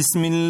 بسم الله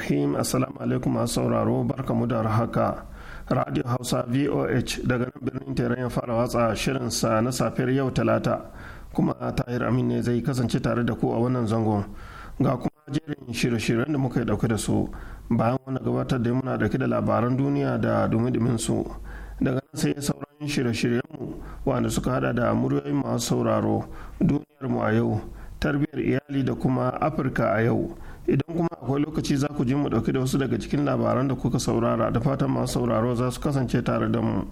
rahim assalamu alaikum masu sauraro barka mu da haka radio hausa voh daga nan birnin teran ya fara watsa sa na safiyar yau talata kuma tahir amin ne zai kasance tare da ku a wannan zangon ga kuma jerin shirye-shiryen da muka yi dauke da su bayan wani gabatar da muna dauke da labaran duniya da dumi su daga nan sai sauran shirye-shiryenmu wanda suka hada da muryoyin masu sauraro duniyarmu a yau tarbiyyar iyali da kuma afirka a yau idan kuma akwai lokaci za ku ji mu ɗauki da wasu daga cikin labaran da kuka saurara da fatan masu sauraro za su kasance tare da mu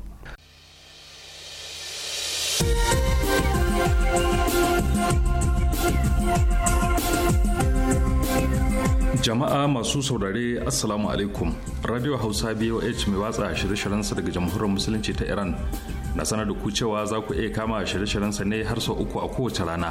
jama'a masu saurare assalamu alaikum radio hausa boh mai watsa shirye sa daga jamhuriyar musulunci ta iran na sanar da ku cewa za ku iya kama shirye sa ne har sau uku a kowace rana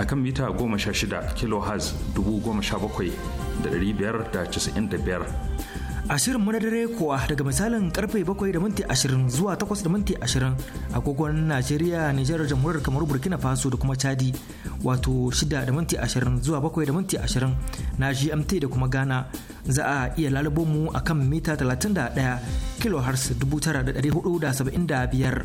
a kan mita 16 kHz 17,595. biyar. mu na dare kuwa daga misalin karfe 7 da minti 20 zuwa 8 da minti 20 agogon Najeriya, Nijar, Jamhuriyar kamar Burkina Faso da kuma Chadi wato 6 da minti 20 zuwa 7 da minti 20 na GMT da kuma Ghana za a iya lalubo mu a kan mita 31 kHz 9,475.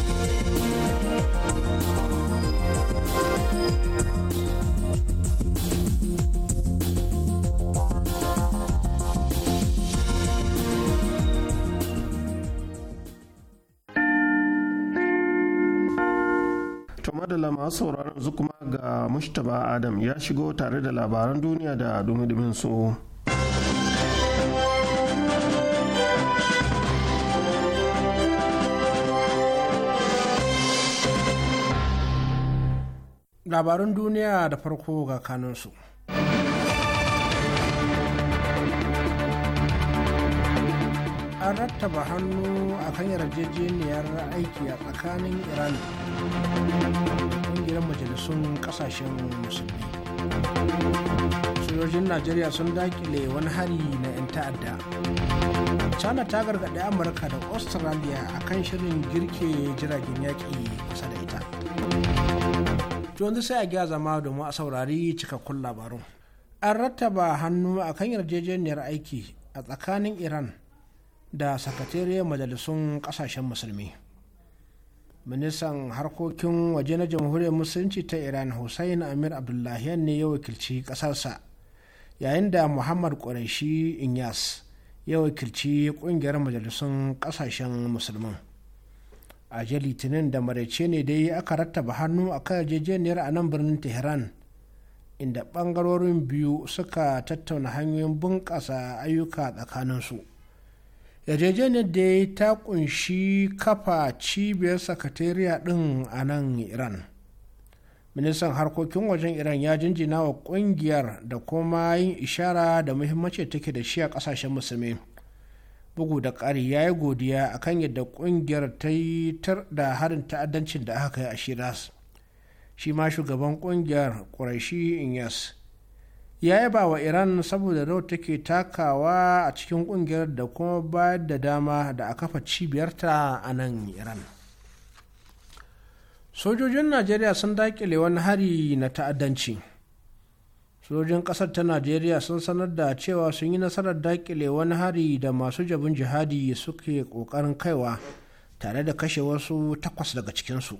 adala masu sauraron yanzu kuma ga Mustapha Adam ya shigo tare da labaran duniya da dumidumin su. Labaran duniya da farko ga kanunsu. an rattaba hannu a kan yarjejeniyar aiki a tsakanin iran ƙungiyar majalisun ƙasashen musulmi sojojin najeriya sun dakile wani hari na 'yan ta'adda china ta gargaɗi amurka da australia a kan shirin girke jiragen yaƙi kusa da ita yanzu sai a gya zama domin a saurari cikakkun labarun an rattaba hannu a kan yarjejeniyar aiki a tsakanin iran da sakatariyar majalisun kasashen musulmi ministan harkokin waje na jamhuriyar musulunci ta iran hussein amir abdullahian ne ya wakilci kasarsa yayin da muhammad ƙureshi inyas ya wakilci ƙungiyar majalisun ƙasashen musulmin a litinin da maraice ne dai aka rattaba hannu a kan yarjejeniyar a nan birnin tehran inda ɓangarorin biyu suka tattauna hanyoyin bunƙasa ayyuka tsakaninsu yarjejeniyar da ta kunshi kafa cibiyar sakatariya din a nan iran ministan harkokin wajen iran ya jinjina wa kungiyar da kuma yin ishara da muhimmanci take da shi a kasashen musulmi bugu da ƙari ya yi godiya a akan yadda kungiyar ta yi tar da harin ta'addancin da aka yi a shiras shi ma shugaban kungiyar ƙuraishi inyas ya yaba wa iran saboda rawar take takawa a cikin kungiyar da kuma bayar da dama da a kafa cibiyarta a nan iran sojojin najeriya sun dakile wani hari na ta'addanci sojojin kasar ta najeriya sun sanar da cewa sun yi nasarar dakile wani hari da masu jabin jihadi suke kokarin kaiwa tare da kashe wasu takwas daga cikinsu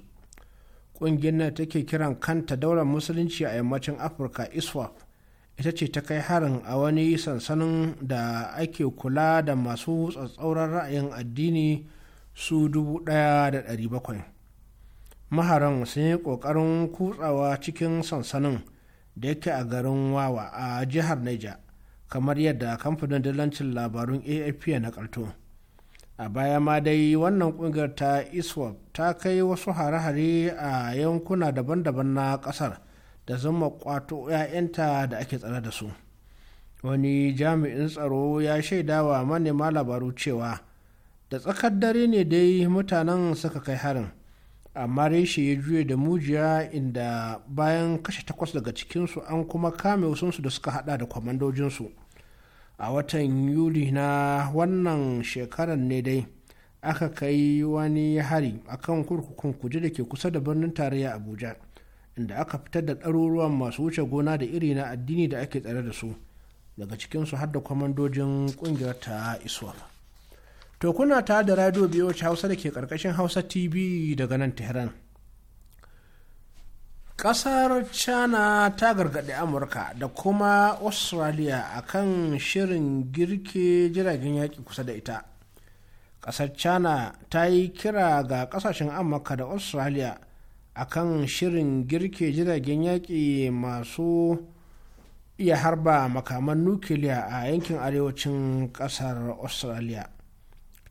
ƙungiyar take kiran kanta daular musulunci a yammacin afirka iswap ita ce ta kai harin a wani sansanin da ake kula da masu tsatsauran ra'ayin addini su 1,700 maharan sun yi ƙoƙarin kutsawa cikin sansanin da yake a garin wawa a jihar niger kamar yadda kamfanin dalancin labarun afp na karto a baya ma dai wannan kungiyar ta iswap ta kai wasu hare-hare a yankuna daban-daban na kasar da zama kwato 'ya'yanta da ake tsare da su wani jami'in tsaro ya shaida wa manema labaru cewa da tsakar dare ne dai mutanen suka kai harin amma reshe ya juye da mujiya inda bayan kashe takwas daga cikinsu an kuma kame wasunsu da suka hada da kwamandojinsu a watan yuli na wannan shekarar ne dai aka kai wani hari akan kurkukun kuje da ke kusa da birnin tarayya abuja da aka fitar da ɗaruruwan masu wuce gona da iri na addini da ake tsare da su daga cikinsu har da kwamandojin ƙungiyar ta iswap to kuna ta da radio biyu hausa da ke ƙarƙashin hausa tv daga nan tehran ƙasar china ta gargaɗi amurka da kuma australia a kan shirin girke jiragen yaƙi kusa da ita ƙasar china ta yi kira ga ƙasashen amurka da australia a kan shirin girke jiragen yaƙi masu iya harba makaman nukiliya a yankin arewacin ƙasar australia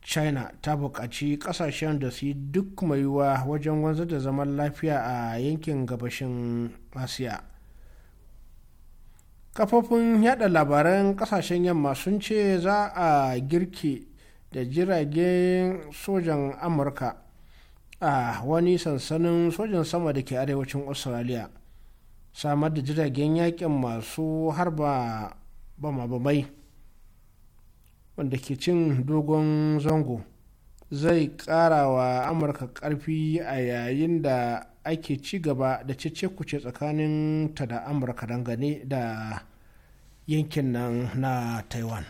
china ta buƙaci ƙasashen da su yi duk mai wajen wanzar da zaman lafiya a yankin gabashin asiya kafofin yada labaran ƙasashen yamma sun ce za a girke da jiragen sojan amurka a wani sansanin sojan sama da ke arewacin australia samar da jiragen yakin masu harba bama-bamai wanda ke cin dogon zango zai ƙara wa amurka ƙarfi a yayin da ake ci gaba da cece kuce tsakanin ta da amurka dangane da yankin nan na taiwan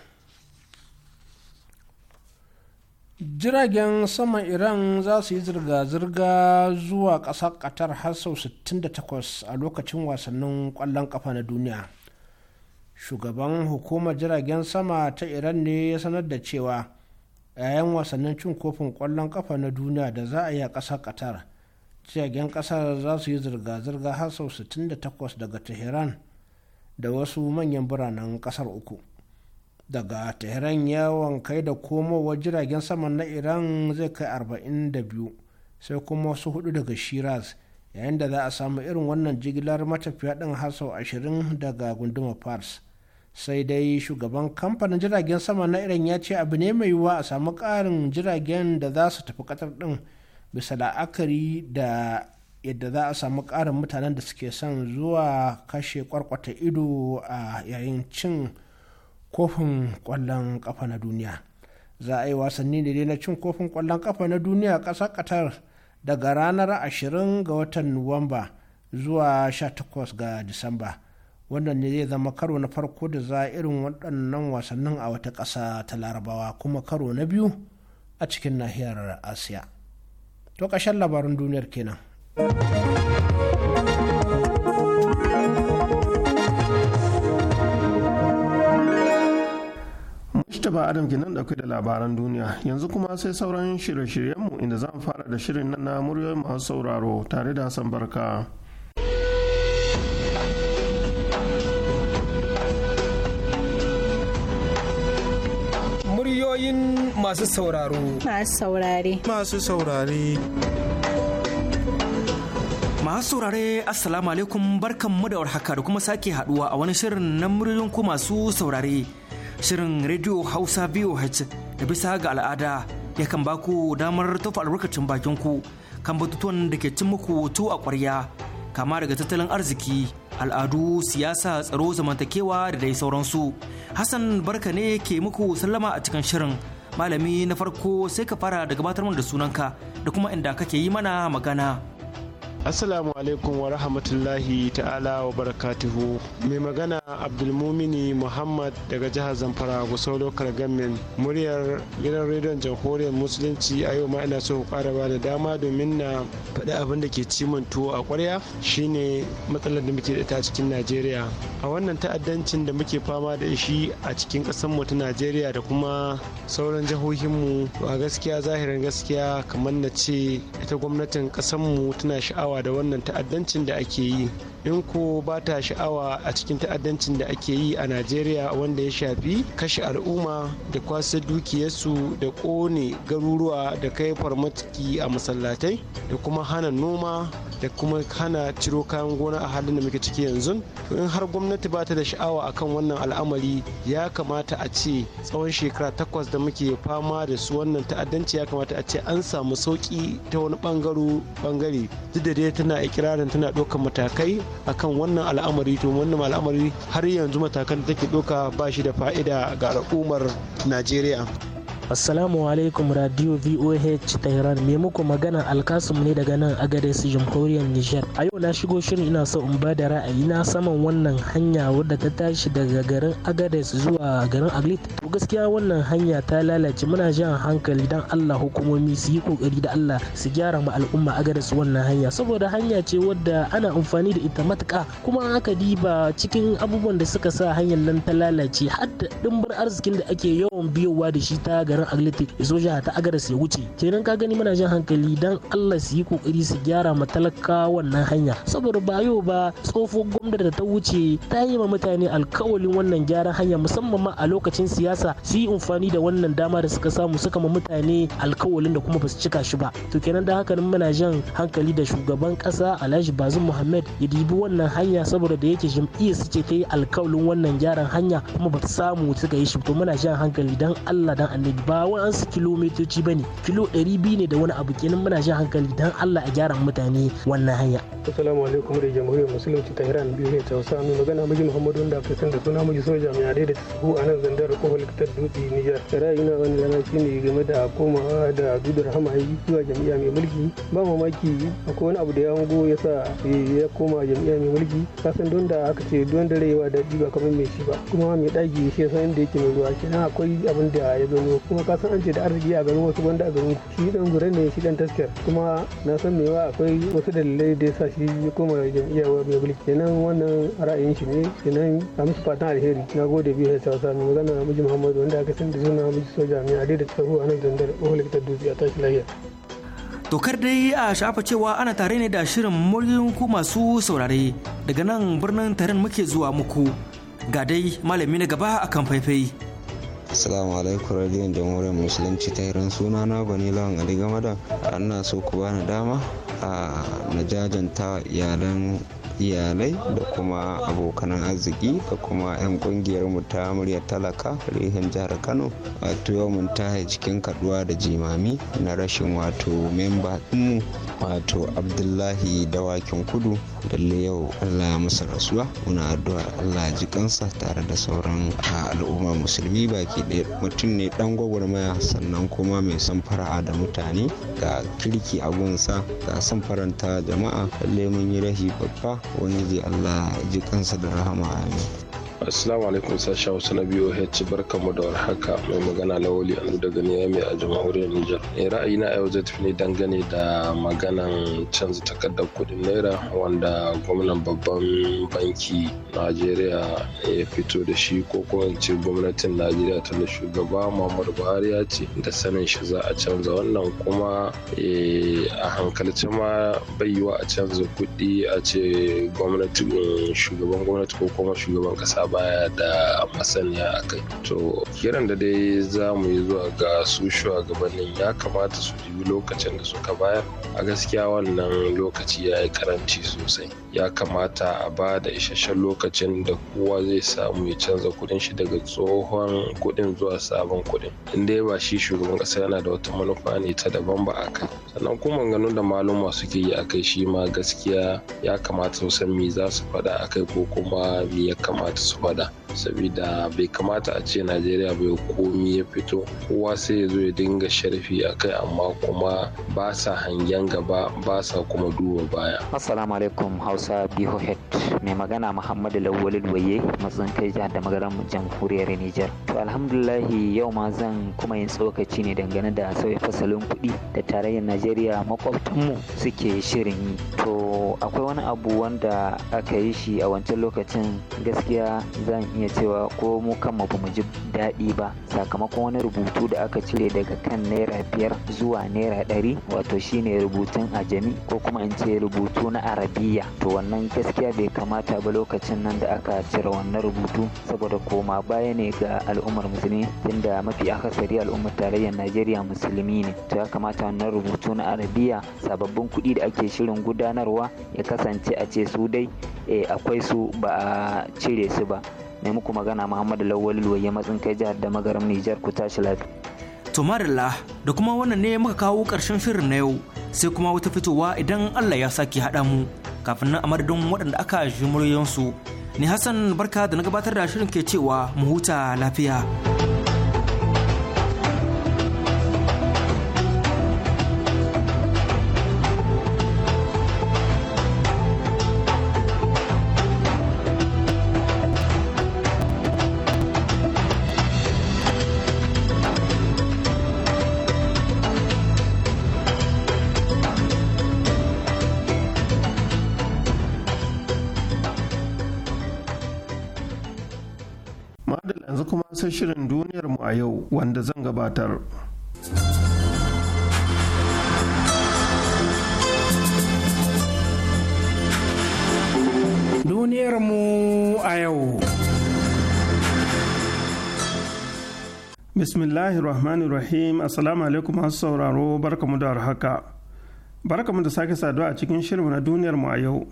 jiragen sama iran za su yi zirga-zirga zuwa ƙasar qatar har sau 68 a lokacin wasannin ƙwallon ƙafa na duniya shugaban hukumar jiragen sama ta iran ne ya sanar da cewa yayin wasannin cin kofin ƙwallon ƙafa na duniya da za a yi a ƙasar qatar jiragen ƙasar za su yi zirga-zirga har sau 68 daga tehran da wasu manyan biranen ƙasar uku daga tehran yawon kai da komowar jiragen saman na iran zai kai 42 sai kuma wasu hudu daga shiraz yayin da za a samu irin wannan jigilar matafiya ɗin har 20 daga gunduma fars sai dai shugaban kamfanin jiragen sama na iran ya ce abu ne mai yiwuwa a samu ƙarin jiragen da za su tafi ƙasar ɗin bisa la'akari da yadda za a samu ƙarin mutanen da suke son zuwa kashe kwarkwata ido a yayin cin kofin kwallon kafa na duniya za a yi wasanni ne dai na cin kofin kwallon kafa na duniya ƙasar qatar daga ranar 20 ga watan nuwamba zuwa 18 ga disamba wannan ne zai zama karo na farko da za irin waɗannan wasannin a wata ƙasa ta larabawa kuma karo na biyu a cikin nahiyar asiya to ƙashen labarin duniyar kenan Mustapha Adam kenan dauke da labaran duniya yanzu kuma sai sauran shirye-shiryenmu inda za mu fara da shirin nan na muryoyin masu sauraro tare da Hassan Barka. Muryoyin masu sauraro. Masu saurare. Masu saurare. Masu saurare Assalamu alaikum barkan mu da warhaka da kuma sake haduwa a wani shirin na muryoyin ku masu saurare. Shirin rediyo Hausa VOH da bisa ga al'ada ya yakan baku damar tafa albarkacin bakin ku kan batutuwan da ke cin muku to a kwarya kama daga tattalin arziki, al'adu, siyasa, tsaro, zamantakewa da dai sauransu. Hassan barka ne ke muku sallama a cikin shirin. Malami na farko sai ka fara da gabatar da sunanka da kuma inda kake yi mana magana. Assalamu alaikum wa rahmatullahi ta'ala wa barakatuhu. Mai magana Abdulmumini Muhammad daga jihar Zamfara Gusau Kargamin muryar gidan rediyon jamhuriyar musulunci a yau ma ina so ku ƙara ba da dama domin na faɗi abin da ke cimin tuwo a ƙwarya shine matsalar da muke da ta cikin Najeriya. A wannan ta'addancin da muke fama da shi a cikin ƙasar ta Najeriya da kuma sauran jihohinmu mu a gaskiya zahirin gaskiya kamar na ce ita gwamnatin ƙasar mu tana sha'awa adawa da wannan ta'addancin da ake yi in ku ba ta sha'awa a cikin ta'addancin da ake yi a najeriya wanda ya shafi kashe al'umma da kwasa dukiyarsu da ƙone garuruwa da kai farmatiki a masallatai da kuma hana noma da kuma hana ciro kayan gona a halin da muke ciki yanzu in har gwamnati ba ta da sha'awa akan wannan al'amari ya kamata a ce tsawon shekara takwas da muke fama da su wannan ta'addanci ya kamata a ce an samu sauki ta wani bangaro bangare duk da dai tana ikirarin tana ɗaukar matakai akan wannan al'amari to wannan al'amari har yanzu matakan da take ɗauka ba shi da fa'ida ga al'ummar najeriya assalamu alaikum radio voh tehran mai muku magana alkasum ne daga nan agadez jamhuriyar nijar a yau na shigo shirin ina so in da ra'ayi na saman wannan hanya wadda ta tashi daga garin agadez zuwa garin aglit to gaskiya wannan hanya ta lalace muna jan hankali dan allah hukumomi su yi kokari da allah su gyara ma al'umma agadez wannan hanya saboda hanya ce wadda ana amfani da ita matuka kuma aka diba cikin abubuwan da suka sa hanyar nan ta lalace har da dimbar arzikin da ake yawan biyowa da shi ta garin garin agletic ya jiha ta agadas ya wuce kenan ka gani muna jin hankali dan allah su yi kokari su gyara ma talaka wannan hanya saboda ba yau ba tsofo gwamnati da ta wuce ta yi ma mutane alkawalin wannan gyaran hanya musamman ma a lokacin siyasa su yi amfani da wannan dama da suka samu suka ma mutane alkawalin da kuma ba su cika shi ba to kenan da haka muna jan hankali da shugaban kasa alhaji bazum muhammad ya dibi wannan hanya saboda da yake jam'iyyar su ce ta yi alkawalin wannan gyaran hanya kuma ba ta samu suka yi shi to muna jan hankali dan allah dan annabi ba wa'ansu kilomitoci ba ne kilo ɗari biyu ne da wani abu kenan muna shan hankali don allah a gyara mutane wannan hanya. assalamu alaikum da jamhuriyar musulunci ta iran biyu ne ta wasu mai magana miji muhammadu wanda aka san da suna miji soja mai adai da tasahu a nan zandar kofar likitar dutse nijar na wani zama shi ne game da komawa da abdul rahama zuwa jam'iyya mai mulki ba mamaki akwai wani abu da ya hango ya sa eh, ya koma jam'iyya mai mulki kasan don da aka ce don da rayuwa da ba kamar mai shi ba kuma mai ɗaki shi san inda yake mai ruwa kenan akwai abin da ya gano kuma ka san an ce da arziki a garin wasu gwanda a garin shi dan gure ne shi dan taskar kuma na san mewa akwai wasu dalilai da yasa shi ya koma jam'iyyar mai mulki kenan wannan ra'ayin shi ne kenan a musu fatan alheri na gode biyu da wasa mai magana miji muhammadu wanda aka san da suna miji soja mai adai da tsaro a nan zandar ohol ta dutse a tashi lahiya. Dokar dai a shafa cewa ana tare ne da shirin muryin ku masu saurare daga nan birnin tarin muke zuwa muku ga dai malami na gaba akan faifai. Assalamu alaikum radiyon jamhuriyar musulunci ta hiran suna na gwani lawan Ali Gamada. Ana so ku bani dama a ah, na jajanta iyalan iyalai da kuma abokanan arziki da kuma 'yan kungiyar mu ta murya talaka rihin jihar kano wato yau mun tahe cikin kaduwa da jimami na rashin wato memba mu wato abdullahi dawakin kudu dalle yau allah ya masa rasuwa muna addu'ar allah ji kansa tare da sauran al'ummar musulmi baki ɗaya mutum ne dan gwagwarmaya sannan kuma mai son fara'a da mutane ga kirki a gunsa ga son faranta jama'a lallai mun yi rahi babba je allah ji kansa da rahama amin Assalamu alaikum sashen Hausa na Barka mu da warhaka mai magana Lawali Anu daga Niyami a jamhuriyar Nijar. Ra'ayi eh, ra'ayina yau zai tafi ne dangane da maganan canza takardar kuɗin naira wanda gwamnan babban banki Najeriya ya fito da shi ko kuma in ce gwamnatin Najeriya ta da shugaba Muhammadu Buhari ya ce da sanin shi za a canza wannan kuma eh, a hankalce ma bai yiwa a canza kuɗi a ce gwamnati shugaban gwamnati ko kuma shugaban ƙasa baya da masaniya a kai to kiran da dai za mu yi zuwa ga su shugabannin ya kamata su biyu lokacin da suka bayar a gaskiya wannan lokaci ya yi karanci sosai ya kamata a ba da isasshen lokacin da kowa zai samu ya canza kudin shi daga tsohon kudin zuwa sabon kudin in dai ba shi shugaban kasa yana da wata manufa ne ta daban ba a kai sannan kuma ganin da maluma suke yi a kai shi ma gaskiya ya kamata su san me za su faɗa a kai ko kuma me ya kamata su faɗa sabida bai kamata a ce najeriya bai komi ya fito kowa sai ya zo ya dinga sharfi a kai amma kuma ba sa hangen gaba ba sa kuma duba baya assalamu alaikum hausa bihohet mai magana muhammadu lawal waye matsin kai jihar da magaran jamhuriyar niger to alhamdulahi yau ma zan kuma yin tsokaci ne dangane da sauya fasalin kuɗi da tarayyar najeriya makwabtanmu suke shirin to akwai wani abu wanda aka yi shi a wancan lokacin gaskiya zan iya cewa ko mu kanmu ba mu ji daɗi ba sakamakon wani rubutu da aka cire daga kan naira biyar zuwa naira ɗari wato shine rubutun ajami ko kuma in ce rubutu na arabiya to wannan gaskiya bai kamata ba lokacin nan da aka cire wannan rubutu saboda koma baya ne ga al'ummar musulmi inda mafi akasari al'ummar tarayyar najeriya musulmi ne to ya kamata wannan rubutu na arabiya sababbin kuɗi da ake shirin gudanarwa ya kasance a ce su dai eh, akwai su ba a cire su ba mai muku magana muhammadu lawali ya matsin kai jihar da magaram nijar ku tashi lafiya to marilla da kuma wannan ne muka kawo karshen shirin na yau sai kuma wata fitowa idan allah ya sake haɗa mu kafin nan a madadin waɗanda aka shi muryoyinsu ni hassan barka da na gabatar da shirin ke cewa mu huta lafiya madal yanzu kuma sai shirin duniyar mu a yau wanda zan gabatar duniyar mu a yau bismillahir rahmanir rahim assalamu alaikum masu sauraro barkamu da haka barkamu da sake saduwa a cikin shirin na duniyar mu a yau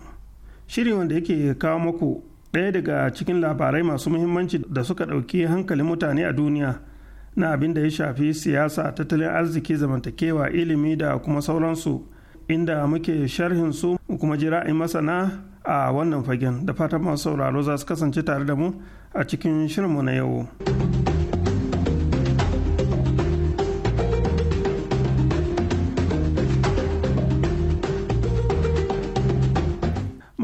shiri wanda yake kawo muku ɗaya daga cikin labarai masu muhimmanci da suka ɗauki hankalin mutane a duniya na abin da ya shafi siyasa tattalin arziki zamantakewa ilimi da kuma sauransu inda muke sharhin su kuma jira'in masana a wannan fagen da fatan masu sauraro za su kasance tare da mu a cikin shirinmu na yau.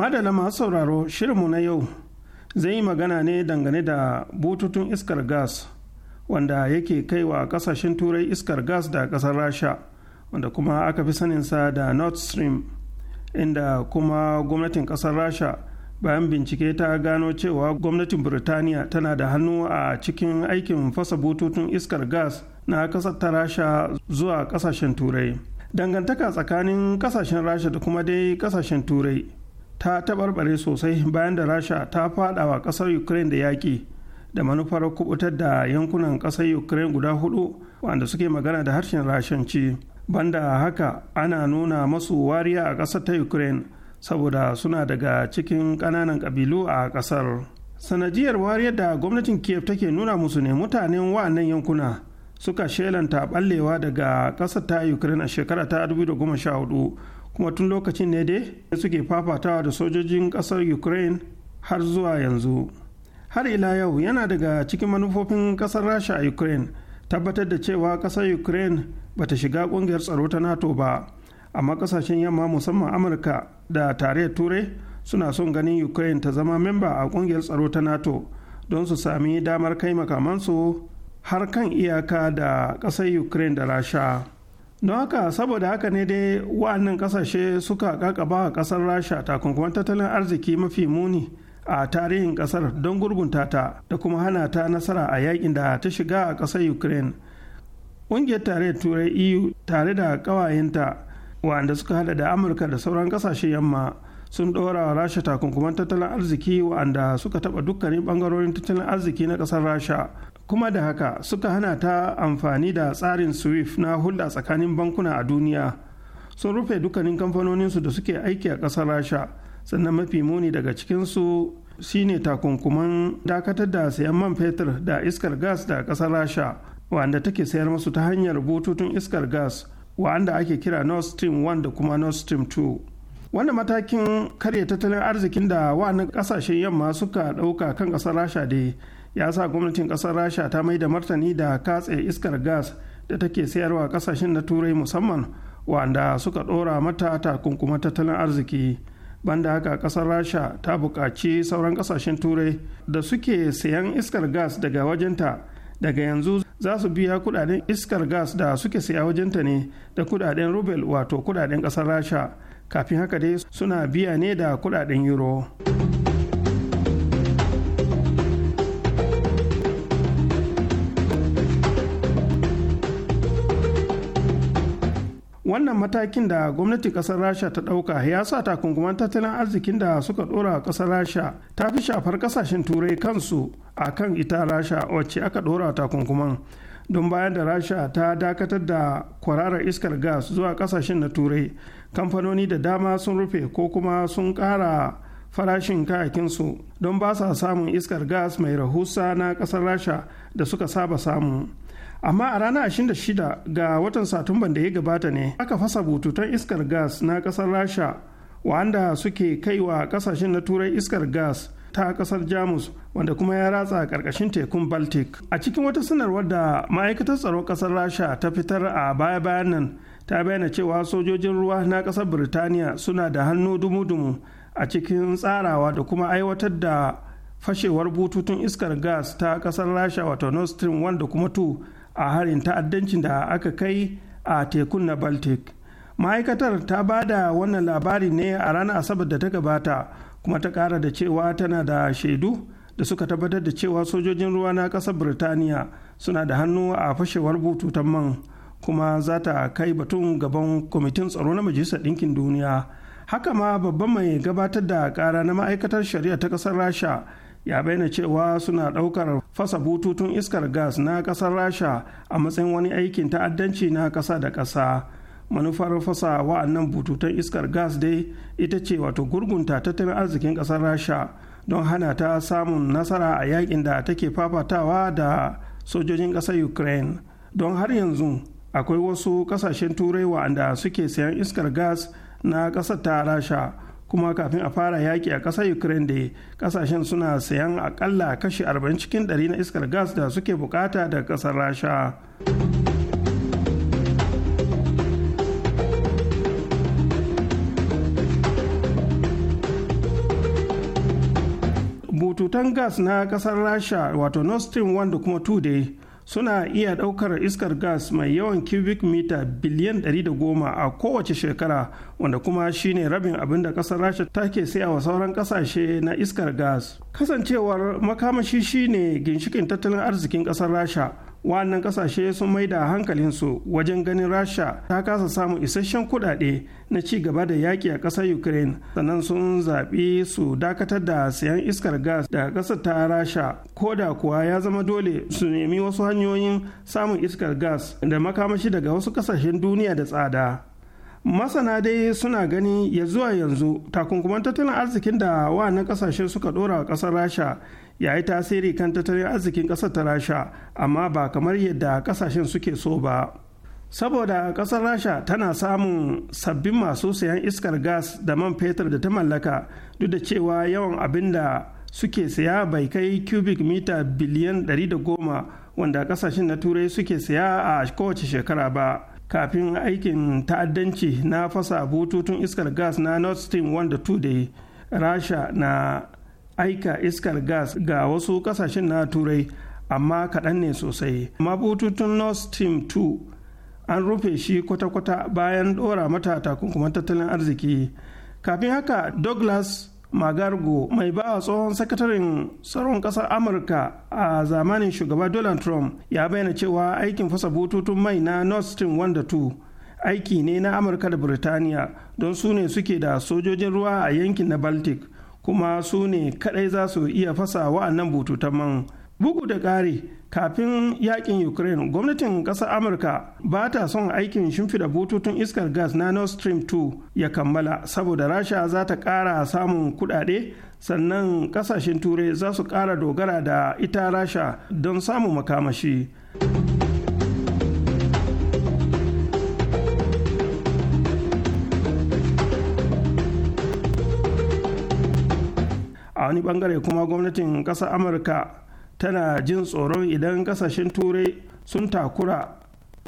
madala masu sauraro shirinmu na yau zai yi magana ne dangane da bututun iskar gas wanda yake kaiwa kasashen turai iskar gas da kasar rasha wanda kuma aka fi saninsa da nord stream inda kuma gwamnatin kasar rasha bayan bincike ta gano cewa gwamnatin Birtaniya tana da hannu a cikin aikin fasa bututun iskar gas na kasar ta rasha zuwa kasashen turai dangantaka tsakanin kasashen rasha da kuma dai kasashen turai ta taɓarɓare sosai bayan da rasha ta faɗawa ƙasar ukraine da yaƙi da manufar kubutar da yankunan ƙasar ukraine guda hudu wanda suke magana da harshen rashanci banda haka ana nuna masu wariya a ƙasar ta ukraine saboda suna daga cikin ƙananan ƙabilu a ƙasar sanajiyar wariyar da gwamnatin kiev take nuna musu ne mutanen wa'annan yankuna suka shelanta ballewa daga ƙasar ta ukraine a shekara ta 2014 kuma tun lokacin ne dai suke fafatawa da sojojin ƙasar ukraine har zuwa yanzu har ila yau yana daga cikin manufofin ƙasar rasha a ukraine tabbatar da cewa ƙasar ukraine bata shiga ƙungiyar tsaro ta nato ba amma ƙasashen yamma musamman amurka da tarayyar turai suna son ganin ukraine ta zama memba a ƙungiyar tsaro ta nato don su sami damar kai makamansu har kan iyaka da ƙasar ukraine da rasha don haka saboda haka ne dai wa'annan kasashe suka kakaba a kasar rasha takunkuman tattalin arziki mafi muni a tarihin kasar don gurgunta ta da kuma hana ta nasara a yakin da ta shiga a kasar ukraine ƙungiyar tare turai eu tare da ƙawayenta wanda suka hada da amurka da sauran kasashe yamma sun ɗora rasha takunkuman tattalin arziki wa'anda suka taɓa dukkanin ɓangarorin tattalin arziki na ƙasar rasha kuma da haka suka hana ta amfani da tsarin swift na hulɗa tsakanin bankuna a duniya sun rufe dukkanin kamfanoninsu da suke aiki a ƙasar rasha sannan mafi muni daga cikinsu shine takunkuman dakatar da sayan man fetur da iskar gas da ƙasar rasha wanda take sayar masu ta hanyar bututun iskar gas wa'anda ake kira nord stream 1 da kuma nord stream 2 wannan matakin karya tattalin arzikin da wa'annan kasashen yamma suka ɗauka kan ƙasar rasha dai ya sa gwamnatin kasar rasha ta mai da martani da katse iskar gas da take sayarwa kasashen na turai musamman wanda suka ɗora mata takunkuma tattalin arziki banda haka kasar rasha ta buƙaci sauran kasashen turai da suke sayan iskar gas daga wajenta daga yanzu za su biya kudaden iskar gas da suke saya wajenta ne da kudaden rubel wato kudaden kasar rasha kafin haka dai suna biya ne da kudaden euro. wannan matakin da gwamnati kasar rasha ta dauka ya sa takunguman tattalin arzikin da suka dora kasar rasha ta fi shafar kasashen turai kansu a kan ita rasha wacce aka dora takunkuman don bayan da rasha ta dakatar da kwararar iskar gas zuwa kasashen na turai kamfanoni da dama sun rufe ko kuma sun kara farashin kayakinsu don ba sa samun iskar gas mai rahusa na kasar rasha da suka saba samu. amma a ranar 26 ga watan satumban da ya gabata ne aka fasa bututun iskar gas na kasar rasha wanda suke kaiwa kasashen na turai iskar gas ta kasar jamus wanda kuma ya ratsa karkashin tekun baltic a cikin wata sanarwar da ma'aikatar tsaron kasar rasha ta fitar a baya-bayan nan ta bayyana cewa sojojin ruwa na kasar birtaniya suna da hannu dumu-dumu a cikin tsarawa da kuma aiwatar da fashewar bututun iskar gas ta kasar rasha wato nord stream 1 da kuma 2 a harin ta'addancin da aka kai a tekun na baltic ma'aikatar ta ba da wannan labari ne a ranar asabar da ta gabata kuma ta kara da cewa tana da shaidu da suka tabbatar da cewa sojojin ruwa na ƙasar birtaniya suna da hannu a fashewar bututun man kuma za ta kai batun gaban kwamitin tsaro na majalisar ɗinkin duniya haka ma babban mai gabatar da ƙara na ma'aikatar shari'a ta ƙasar rasha ya bayyana cewa suna ɗaukar fasa bututun iskar gas na ƙasar rasha a matsayin wani aikin ta'addanci na ƙasa da ƙasa manufar fasa wa'annan bututun iskar gas dai ita ce wato gurgunta tattalin arzikin ƙasar rasha don hana ta samun nasara a yakin da take fafatawa da sojojin ƙasar ukraine don har yanzu akwai wasu ƙasashen turai wa'anda suke sayan iskar gas na ƙasar ta rasha kuma kafin a fara yaƙi a ƙasar ukraine da ƙasashen suna sayan aƙalla kashi 40 cikin 100 na iskar gas da suke bukata daga ƙasar rasha bututun gas na ƙasar rasha wato nord stream 1 da kuma 2 dai suna iya ɗaukar iskar gas mai yawan cubic mita biliyan 110 a kowace shekara wanda kuma shine rabin abin da ƙasar rasha take sayawa sauran ƙasashe na iskar gas kasancewar makamashi shine ginshikin tattalin arzikin ƙasar rasha wannan kasashe sun mai da hankalinsu wajen ganin rasha ta kasa samun isasshen kudade na ci gaba da yaki a ƙasar ukraine sannan sun zaɓi su dakatar da sayan iskar gas da ƙasar ta rasha ko da kuwa ya zama dole su nemi wasu hanyoyin samun iskar gas da makamashi daga wasu ƙasashen duniya da tsada masana dai suna gani ya zuwa yanzu takunkuman tattalin arzikin da wannan ƙasashe suka ɗora a ƙasar rasha ya yi tasiri kan tattalin arzikin ƙasar ta rasha amma ba kamar yadda ƙasashen suke so ba saboda ƙasar rasha tana samun sabbin masu sayan iskar gas da man fetur da ta mallaka duk da cewa yawan abin da suke saya bai kai cubic mita biliyan 110 wanda ƙasashen na turai suke saya a kowace shekara ba. kafin aikin ta'addanci na fasa bututun iskar gas na nord stream 1 da 2 da rasha na aika iskar gas ga wasu kasashen na turai amma kaɗan ne sosai amma bututun nord stream 2 an rufe shi kwata-kwata bayan ɗora mata takunkuman tattalin arziki kafin haka douglas magargo mai ba tsohon sakataren tsaron ƙasar amurka a zamanin shugaba donald trump ya bayyana cewa aikin fasa bututun mai na nord stream 1 da 2 aiki ne na amurka da birtaniya don su ne suke da sojojin ruwa a yankin na baltic kuma su ne kadai za su iya fasa wa'annan bututun man bugu da ƙari kafin yakin ukraine gwamnatin ƙasar amurka ba ta son aikin shimfida bututun iskar gas na nord stream 2 ya kammala saboda rasha za ta ƙara samun kuɗaɗe sannan ƙasashen turai za su ƙara dogara da ita rasha don samun makamashi a wani bangare kuma gwamnatin ƙasar amurka tana jin tsoron idan ƙasashen turai sun takura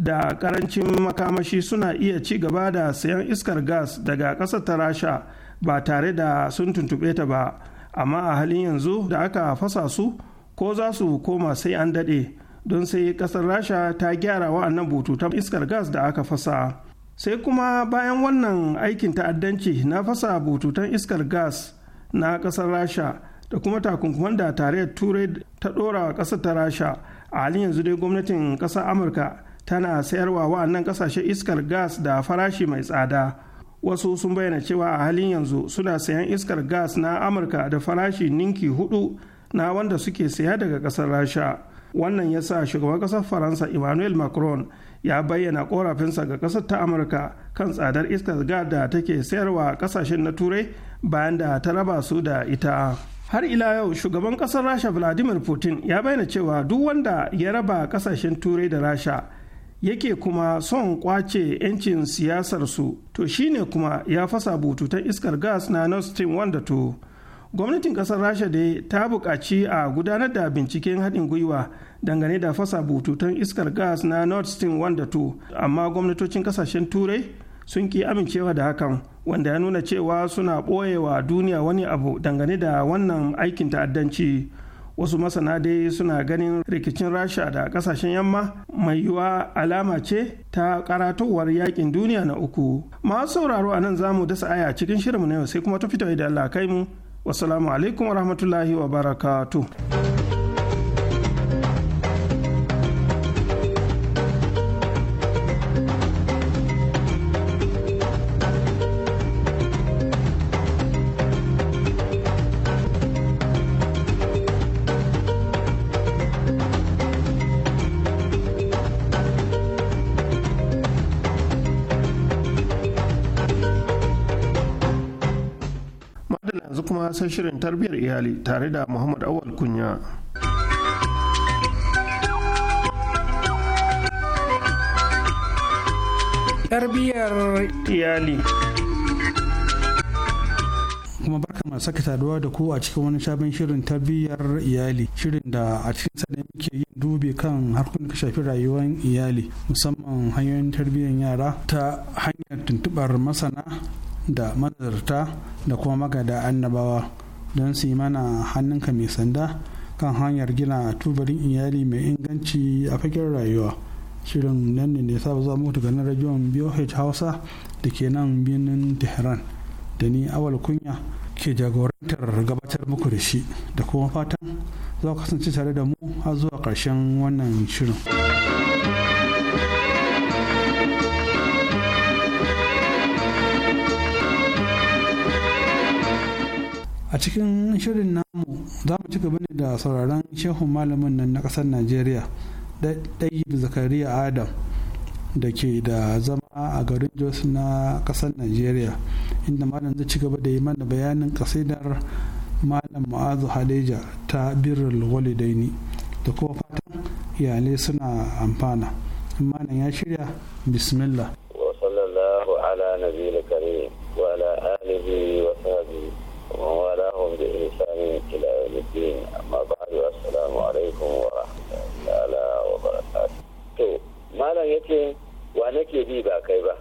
da ƙarancin makamashi suna iya ci gaba da sayan iskar gas daga ƙasar ta rasha ba tare da sun tuntube ta ba amma a halin yanzu da aka fasa su ko za su koma sai an daɗe don sai ƙasar rasha ta gyara wa'annan bututun iskar gas da aka fasa sai kuma bayan wannan aikin ta'addanci na fasa bututan iskar gas na ƙasar rasha da kuma takunkuman da tarayyar turai ta ɗora ƙasar ta rasha a halin yanzu dai gwamnatin ƙasar amurka tana sayarwa wa'annan ƙasashe iskar gas da farashi mai tsada wasu sun bayyana cewa a halin yanzu suna sayan iskar gas na amurka da farashi ninki hudu na wanda suke saya daga ƙasar rasha wannan ya sa shugaban ƙasar faransa emmanuel macron ya bayyana korafinsa ga ƙasar ta amurka kan tsadar iskar gas da take sayarwa ƙasashen na turai bayan da ta raba su da ita har ila yau shugaban ƙasar rasha vladimir putin ya bayyana cewa duk wanda ya raba ƙasashen turai da rasha yake kuma son kwace 'yancin siyasarsu to shine kuma ya fasa bututun iskar gas na nord stream 1 da 2 gwamnatin kasar rasha da ta buƙaci a gudanar da binciken haɗin gwiwa dangane da fasa bututun iskar gas na nord stream 1 da 2 amma gwamnatocin kasashen turai sun ki amincewa da hakan wanda ya nuna cewa suna ɓoyewa duniya wani abu dangane da wannan aikin ta'addanci wasu masana dai suna ganin rikicin rasha da kasashen yamma mai yiwuwa alama ce ta karatowar yakin duniya na uku masu sauraro a nan za mu dasa aya cikin shirinmu na yau sai kuma ta fito da Allah kai mu wasalamu alaikum wa wabarakatuh kuma shirin tarbiyyar iyali tare da Muhammad Awal Kunya. Tarbiyyar iyali. kuma barka masu saka saduwa da ku a cikin wani sabon shirin tarbiyyar iyali shirin da a cikin ne muke yin dubi kan harkokin da shafi rayuwar iyali musamman hanyoyin tarbiyyar yara ta hanyar tuntubar masana da manzarta da kuma magada annabawa don su yi mana hannunka mai sanda kan hanyar gina tubarin iyali mai inganci a fagen rayuwa shirin nan ne ya za mu muku daga nan rajiyon boh hausa da ke nan birnin tehran da ni awal kunya ke jagorantar gabatar muku da shi da kuma fatan za ku kasance tare da mu har zuwa ƙarshen wannan shirin. a cikin shirin namu za mu ci gaba ne da sauraron shehun malamin nan na ƙasar najeriya ɗayyib zakariya adam da ke da zama a garin jos na ƙasar najeriya inda malam zai ci gaba da yi mana bayanin kasidar malam ma'azu haleja ta birrul walidaini da kuma fatan iyalai suna amfana malam ya shirya bismillah wa sallallahu ala nabi amma ba da assalamu alaikum wa rahmatullahi wa barakatuh to malam yace wa nake bi ba kai ba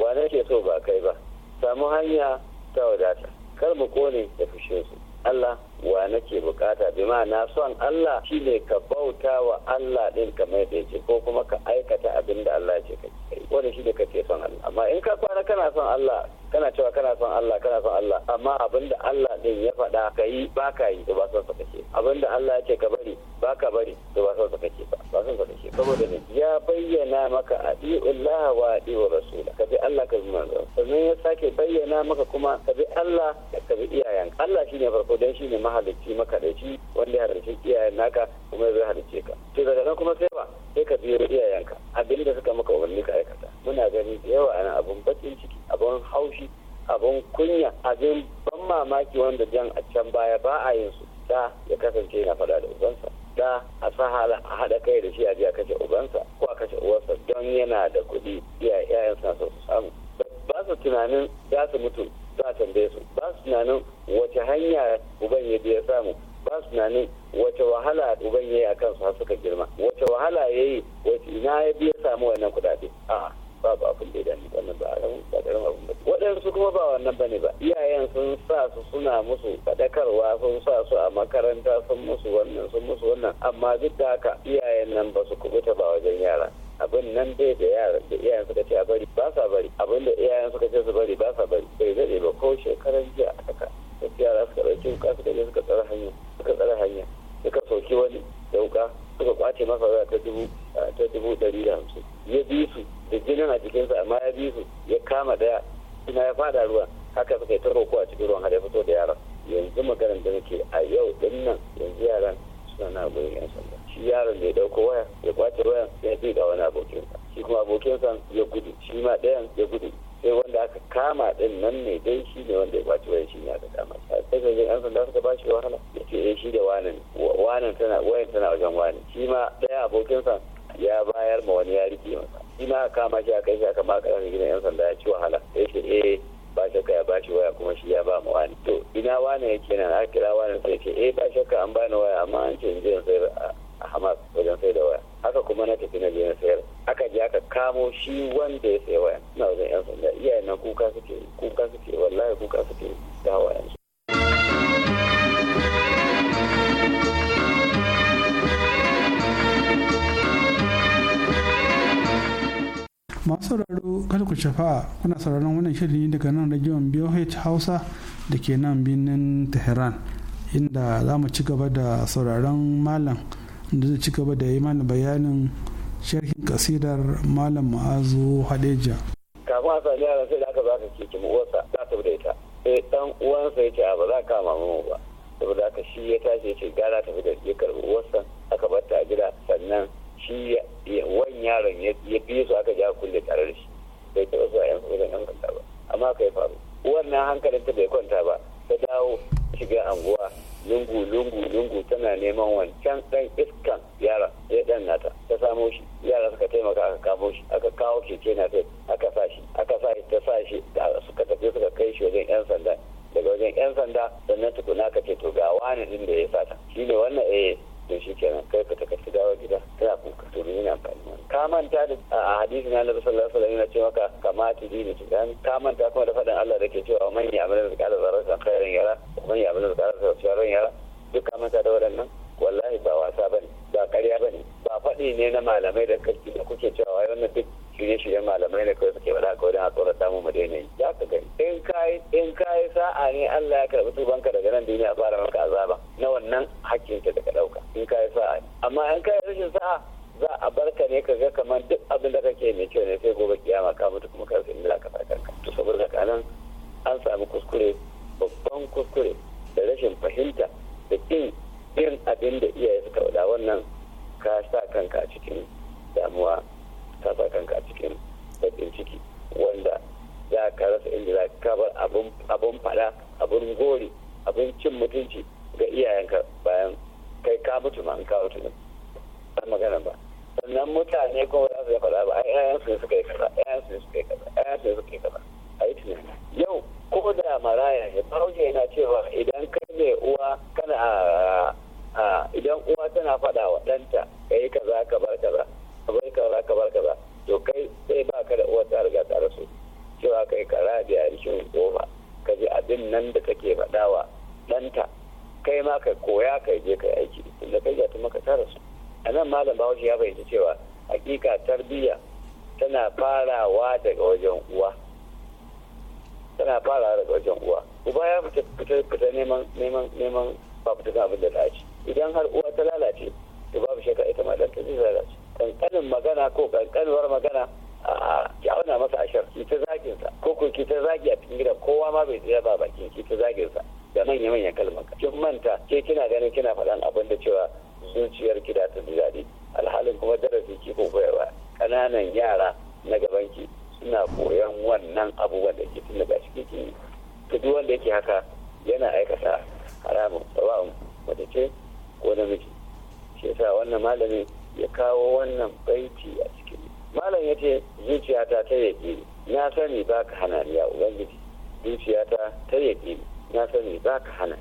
wa nake so ba kai ba samu hanya ta wadata kar mu kone da fushinsu. Allah wa nake bukata bi na son Allah shine ka bauta wa Allah din ka da ko kuma ka aikata abin da Allah ya ce kai wanda shi ka kake son Allah amma in ka kwana kana son Allah kana cewa kana son Allah kana son Allah amma abinda Allah din ya faɗa ka yi ba ka yi to ba son sa kake abinda Allah ya ce ka bari ba ka bari to ba son sa kake ba ba son sa kake saboda ne ya bayyana maka Allah wa adi'ur rasula ka bi Allah ka bi manzo sannan ya sake bayyana maka kuma ka bi Allah ka bi iyayen Allah shine farko dan shine mahalicci shi wanda ya halicci iyayen naka kuma zai halicce ka to daga nan kuma sai ba sai ka biyo iyayenka abinda suka maka umarni ka aikata muna gani da yawa ana abin bakin ciki abin haushi abin kunya abin ban mamaki wanda jan a can baya ba a yin su da ya kasance yana faɗa da ubansa da a sahala a haɗa kai da shi a a kashe ubansa ko a kashe uwarsa don yana da kuɗi iya sa su samu ba su tunanin za su mutu za a tambaye su ba su tunanin wace hanya uban ya biya samu ba su tunanin wace wahala uban ya yi a kansu har suka girma wace wahala ya yi wace ina ya biya samu wannan kuɗaɗe a'a babu abin da ya dami wannan ba ba karin abin ba waɗansu kuma ba wannan ba ne ba iyayen sun sa su suna musu faɗakarwa sun sa su a makaranta sun musu wannan sun musu wannan amma duk da haka iyayen nan ba su kubuta ba wajen yara abin nan dai da yaran da iyayen suka ce a bari ba sa bari abin da iyayen suka ce su bari ba sa bari bai daɗe ba ko shekaran jiya a haka sai yara suka ɗauki wuka suka je suka tsara hanya suka tsara hanya suka soki wani da wuka suka kwace masa ta dubu ɗari da hamsin ya bi su jirgin yana a jikinsa amma ya bi su ya kama daya kuma ya fada ruwa haka suka yi ta roko a cikin ruwan har ya fito da yaran yanzu maganar da nake a yau din nan yanzu yaran suna na gurin yan sanda shi yaron da ya dauko waya ya kwace wayan ya bi ga wani abokin sa shi kuma abokin sa ya gudu shi ma dayan ya gudu sai wanda aka kama din nan ne dai shi ne wanda ya kwace wayan shi ne aka kama sai ka da yan sanda suka ba shi wahala ya ce eh shi da wanan wanan tana wayan tana wajen wani shi ma ɗaya sa ya bayar ma wani ya rike masa ina kama shi a kai shi aka maka kan gidan yan sanda ya ci wahala ya ce eh ba shakka ya bashi waya kuma shi ya ba mu wani to ina wani yake nan a kira wani sai ce eh ba shakka an bani waya amma an ce in je sayar a Hamas wajen sai da waya haka kuma na tafi na je na sayar aka je aka kamo shi wanda ya sayi waya na wajen yan sanda iyayen nan kuka suke kuka suke wallahi kuka suke da hawayen masu sauraro kada ku shafa kuna sauraron wannan shirin daga nan rajiyon BOH Hausa da ke nan birnin Tehran inda za mu ci gaba da sauraron malam da zai ci gaba da yi mana bayanin sharhin kasidar malam ma'azu Hadeja. Kafin a sami yara sai da aka zaka ka ke kimi uwarsa za ta bude Sai dan uwansa ya ce ba za ka kama mu ba. Saboda haka shi ya tashi ya ce gara tafi da ya karɓi uwarsa aka bar ta a gida sannan shi wani yaron ya biye su aka ja kulle tare da shi bai taɓa zuwa yan wajen yan ta ba amma ka yi faru wannan hankalin ta bai kwanta ba ta dawo shiga anguwa lungu lungu lungu tana neman wancan dan iskan yara ya dan nata ta samo shi yara suka taimaka aka kamo shi aka kawo keke na aka sa shi aka sa shi ta sa shi suka tafi suka kai shi wajen yan sanda daga wajen 'yan sanda sannan tukuna ka ce to ga wani din da ya sata shi ne wannan eh da shi kenan kai ka taka ka dawo gida tana kuka to me yana amfani ka manta da a hadisi na Annabi sallallahu alaihi wasallam yana cewa ka kamati dini dan ka manta kuma da faɗin Allah da ke cewa man ya amana zakata zarratan khairan yara man ya amana zakata zarratan yara duk ka manta da waɗannan wallahi ba wasa bane ba ƙarya bane ba faɗi ne na malamai da kake da kuke cewa wannan duk shi shiryen malamai ne kawai suke faɗa kawai don a tsoron samun mu daina yi za ka gani in kayi in sa'a ne Allah ya karɓi tubanka daga nan duniya fara maka azaba na wannan hakkin da ka ɗauka in yi sa'a ne amma in yi rashin sa'a za a barka ne ka ga kamar duk abin da kake mai kyau ne sai gobe kiyama ka mutu kuma ka sai Allah ka kanka to saboda haka nan an sami kuskure babban kuskure da rashin fahimta da kin yin abin da iyaye suka faɗa wannan ka sa kanka cikin damuwa ka kanka a cikin baƙin ciki wanda za ka rasa inda za ka bar abin fada abin gori abin cin mutunci ga iyayenka bayan kai ka mutu ma an ka mutu ne magana ba sannan mutane kuma za su da faɗa ba a yayan su suka yi kaza yayan su suka yi kaza ƴaƴan su suka yi kaza yi tunani yau ko da maraya ne farauke yana cewa idan kai ne uwa kana idan uwa tana fadawa malam bahaushe ya fahimci cewa hakika tarbiyya tana farawa daga wajen uwa tana farawa daga wajen uwa uba ya fita fita neman neman neman ba fita kan abin da ta ci idan har uwa ta lalace to babu shakka ita ma ɗan ta zai lalace kankanin magana ko kankanuwar magana a ki auna masa ashar ki ta zagin sa ko ko ki ta zagi a cikin gidan kowa ma bai tsaya ba bakin ki ta zagin sa da manya manyan kalmar kin manta ke kina ganin kina faɗan abin da cewa zuciyar ki ta jirage daɗi alhalin kuma darasi ke koyarwa ƙananan yara na gaban ki suna koyon wannan abubuwan da ke tun daga cikin ki ta duk wanda yake haka yana aikata haramun tsawon wata ce ko namiji shi yasa wannan malamin ya kawo wannan baiti a cikin malam ya ce zuciyata ta yaƙi na sani ba ka hana ni ya ubangiji zuciyata ta yaƙi na sani ba ka hana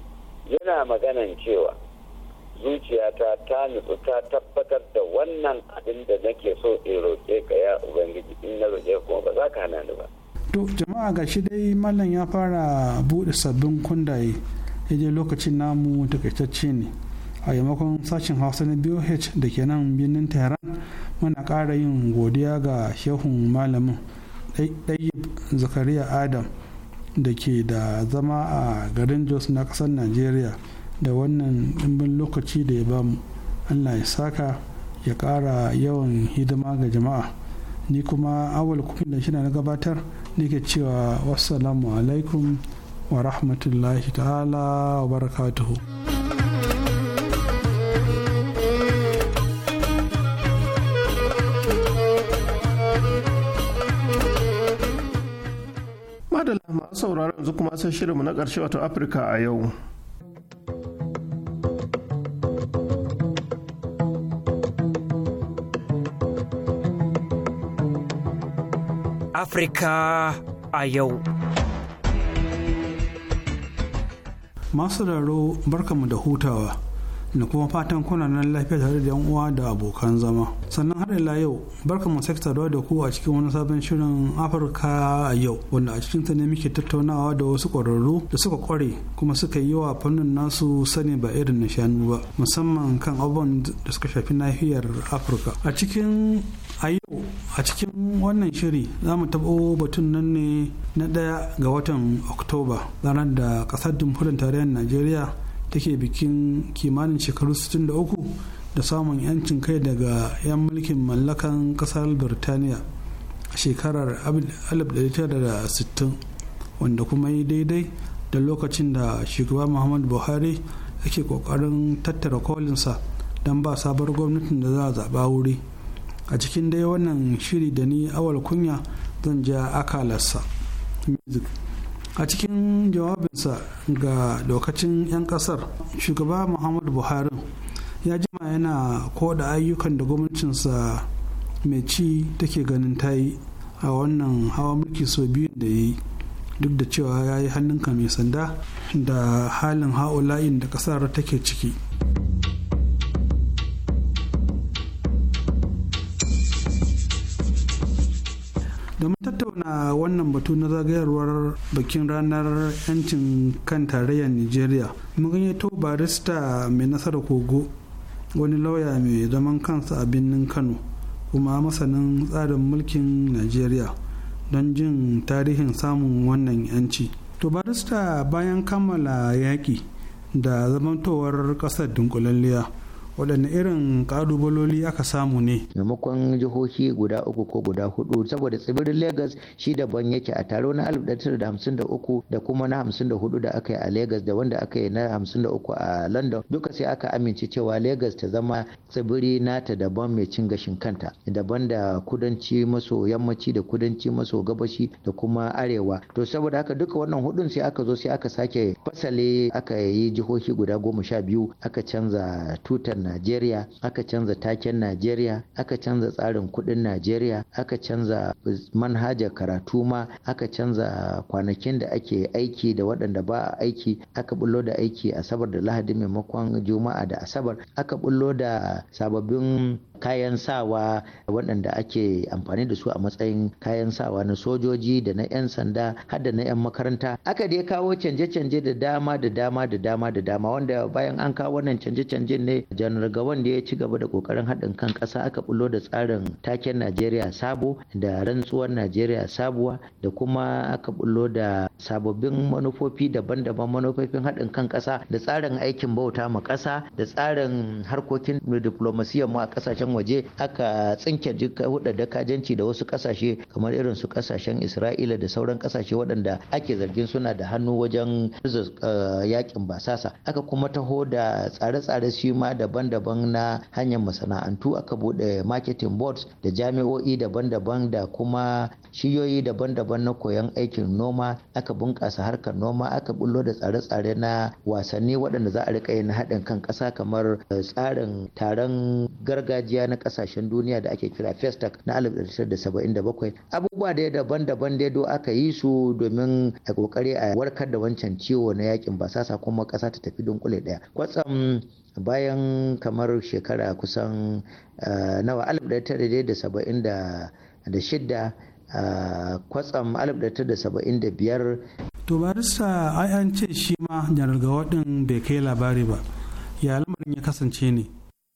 yana maganan cewa zuciyata ta nutsu ta tabbatar da wannan abin da nake so in roƙe ka ya ubangiji in na roƙe kuma ba za ka hana ni ba. to jama'a ga shi dai mallam ya fara buɗe sabbin kundaye yaje lokacin namu takaitacce ne a yamakon sashen hausa na boh da ke nan birnin tehran muna ƙara yin godiya ga shehun malamin ɗayyib zakariya adam da ke da zama a garin jos na ƙasar nigeria. da wannan ɗimbin lokaci da ya ba mu allah ya saka ya ƙara yawan hidima ga jama'a ni kuma awal kuma da shi na gabatar nake cewa wassalamu alaikum wa rahmatullahi ta'ala wa barakatuhu madalla masu sauraron yanzu kuma sai shirinmu na ƙarshe wato afirka a yau Afrika a yau. Masu raro barkamu da hutawa. da kuma fatan kuna nan lafiya tare da yan uwa da abokan zama sannan har ila yau barka mu sake saduwa da ku a cikin wani sabon shirin afirka a yau wanda a cikin ta ne muke tattaunawa da wasu ƙwararru da suka ƙware kuma suka yi wa fannin nasu sani ba irin na shanu ba musamman kan abubuwan da suka shafi nahiyar afirka a cikin a yau a cikin wannan shiri za mu taɓo batun nan ne na ɗaya ga watan oktoba ranar da ƙasar jamhuriyar tarayyar najeriya take bikin kimanin shekaru 63 da samun 'yancin kai daga 'yan mulkin mallakan kasar birtaniya a shekarar 1960 wanda kuma yi daidai da lokacin da shugaba muhammad buhari yake kokarin tattara kolinsa don ba sabar gwamnatin da za a zaɓa wuri a cikin dai wannan shiri da ni awal kunya zan ja akalarsa music a cikin jawabinsa ga lokacin 'yan kasar shugaba muhammadu buhari ya jima yana koda ayyukan da gwamnatinsa mai ci take ganin ta yi a wannan hawa mulki sau biyu da ya yi duk da cewa ya yi hannunka mai sanda da halin ha'ula'in da kasar take ciki domin tattauna wannan batu na zagayarwar bikin ranar 'yancin kan tarayyar nigeria mun to barista mai nasara kogo wani lauya mai zaman kansa a birnin kano kuma masanin tsarin mulkin nigeria don jin tarihin samun wannan 'yanci to barista bayan kammala yaƙi da zamantowar ƙasar dunkulalliya waɗanne irin ƙalubaloli aka samu ne maimakon jihohi guda uku ko guda hudu saboda tsibirin lagos shi daban yake a taro na 1953 da kuma na 54 da aka yi a lagos da wanda aka yi na 53 a london duka sai aka amince cewa lagos ta zama tsibiri ta daban mai cin gashin kanta daban da kudanci maso yammaci da kudanci maso gabashi da kuma arewa to saboda haka duka wannan hudun sai aka zo sai aka sake fasale aka yi jihohi guda goma sha biyu aka canza tutar Najeriya aka canza taken Najeriya aka canza tsarin kuɗin Najeriya aka canza manhajar karatu ma aka canza kwanakin da ake aiki da waɗanda ba a aiki aka bullo da aiki asabar da lahadi maimakon juma'a da asabar aka bullo da sababbin kayan sawa waɗanda ake amfani da su a matsayin kayan sawa na sojoji da na 'yan sanda har na 'yan makaranta aka dai kawo canje-canje da dama da dama da dama wanda bayan an kawo wannan canje-canjen ne sanar ga wanda ya ci gaba da kokarin haɗin kan kasa aka bullo da tsarin taken najeriya sabo da rantsuwar najeriya sabuwa da kuma aka bullo da sababbin manufofi daban-daban manufofin haɗin kan kasa da tsarin aikin bauta ma ƙasa da tsarin harkokin diplomasiyyar mu a ƙasashen waje aka tsinke duka hudu da da wasu kasashe kamar irin su ƙasashen isra'ila da sauran kasashe waɗanda ake zargin suna da hannu wajen eh, yakin basasa aka kuma taho da tsare-tsare shi ma daban daban-daban na hanyar masana'antu aka bude marketing boards da jami'o'i daban-daban da kuma shiyoyi daban-daban na koyon aikin noma aka bunƙasa harkar noma aka bullo da tsare-tsare na wasanni waɗanda za a rika yin haɗin kan ƙasa kamar eh, tsarin taron gargajiya na ƙasashen duniya da ake kira festac na 1977 abubuwa da daban-daban dai do aka yi su domin a kokari a warkar da wancan ciwo na yakin basasa kuma ƙasa ta tafi dunkule ɗaya kwatsam bayan kamar shekara kusan eh, nawa shidda, eh, kwatsam biyar. to barista ai an ce shi ma janar gawaɗin bai kai labari ba ya lamarin ya kasance ne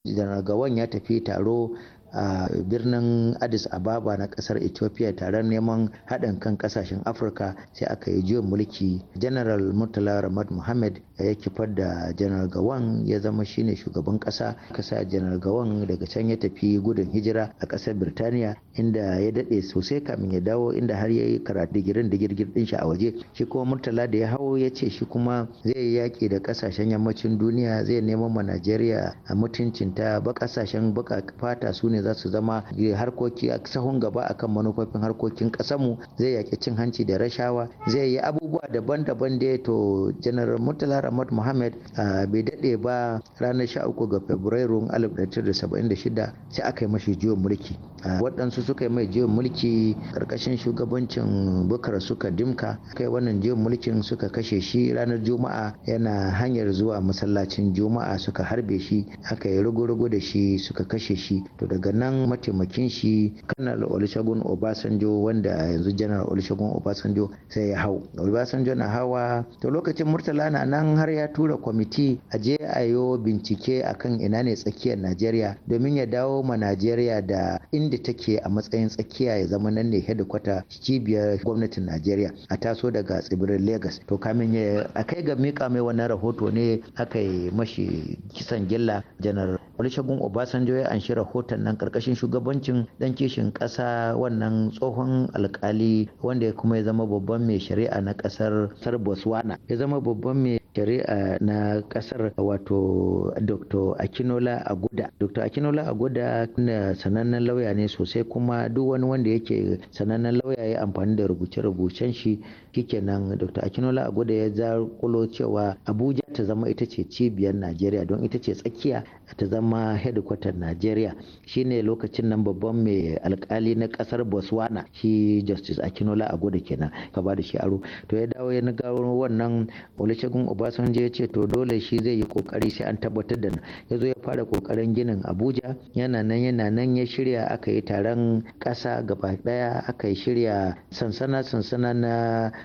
janar gawan ya tafi taro a birnin addis ababa na kasar ethiopia tare neman haɗin kan kasashen afirka sai aka yi juyin mulki general murtala ramad muhammad ya kifar da general gawan ya zama shine shugaban ƙasa. kasa janar gawan daga can ya tafi gudun hijira a ƙasar birtaniya inda ya daɗe sosai kamin ya dawo inda har ya yi karatu digirin digirgir din shi a waje shi kuma murtala da ya hau ya ce shi kuma zai yi yaƙi da kasashen yammacin duniya zai neman ma najeriya a mutuncinta ba kasashen baka fata su ne za su zama harkoki a sahun gaba akan manufofin harkokin mu zai yaƙi cin hanci da rashawa zai yi abubuwa daban-daban da to janar murtala ramad muhammad bai daɗe ba ranar uku ga fabrairu 1976 sai aka yi mashi jiwon mulki waɗansu suka yi mai jiwon mulki ƙarƙashin shugabancin bukar suka dimka kai wannan jiwon mulkin suka kashe shi ranar juma'a yana hanyar zuwa masallacin juma'a suka harbe shi aka yi rugu-rugu da shi suka kashe shi to daga daga nan mataimakin shi kanar olusegun obasanjo wanda yanzu janar olusegun obasanjo sai ya hau obasanjo na hawa to lokacin murtala na nan har ya tura kwamiti a je a bincike akan ina ne tsakiyar najeriya domin ya dawo ma najeriya da inda take a matsayin tsakiya ya zama nan ne hedikwata cibiyar gwamnatin najeriya a taso daga tsibirin Legas. to kamin ya a kai ga mika mai wannan rahoto ne aka yi mashi kisan gilla janar olusegun obasanjo ya anshi rahoton nan karkashin shugabancin dan kishin ƙasa wannan tsohon alkali wanda ya kuma ya zama babban mai shari'a na ƙasar sar botswana ya zama babban mai shari'a na kasar wato dr akinola agoda dr akinola agoda na sanannen lauya ne sosai kuma duk wani wanda yake sanannen lauya ya amfani da rubuce-rubucen shi shikenan dr akinola agwada ya zakulo cewa abuja ta zama ita ce cibiyar najeriya don ita ce tsakiya ta zama headquarter najeriya shine lokacin nan babban mai alkali na kasar botswana shi justice akinola agwada kenan ka ba da shi aro to ya dawo ya gawo wannan olusegun obasanjo ya ce to dole shi zai yi kokari sai an tabbatar da ya zo ya fara kokarin ginin abuja yana nan yana nan ya shirya aka yi taron kasa gaba daya aka yi shirya sansana sansana na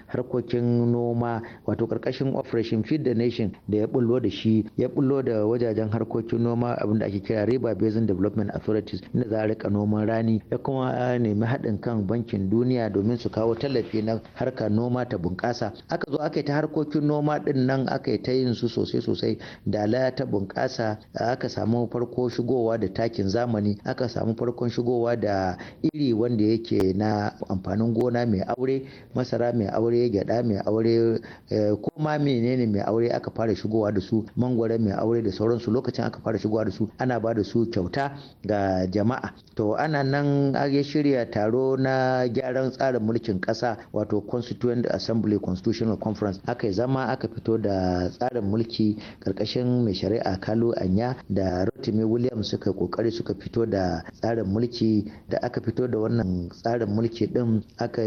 harkokin noma wato karkashin operation feed the nation da ya bullo da shi ya bullo da wajajen harkokin noma abinda ake kira river basin development authorities inda za a rika noman rani ya kuma nemi haɗin kan bankin duniya domin su kawo tallafi na Harka noma ta bunƙasa aka zo aka yi ta harkokin noma ɗin nan aka yi ta yin su sosai sosai da laya ta bunƙasa aka samu farko shigowa da takin zamani aka samu farkon shigowa da iri wanda yake na amfanin gona mai aure masara mai aure aure gyada mai aure eh, ko menene mai aure aka fara shigowa da su mangwara mai aure da sauransu lokacin aka fara shigowa da su ana ba da su kyauta ga jama'a to ana nan ya shirya taro na gyaran tsarin mulkin kasa wato constituent assembly constitutional conference aka zama aka fito da tsarin mulki karkashin mai shari'a kalu anya da rotimi williams suka kokari suka fito da tsarin mulki da aka fito da wannan tsarin mulki din aka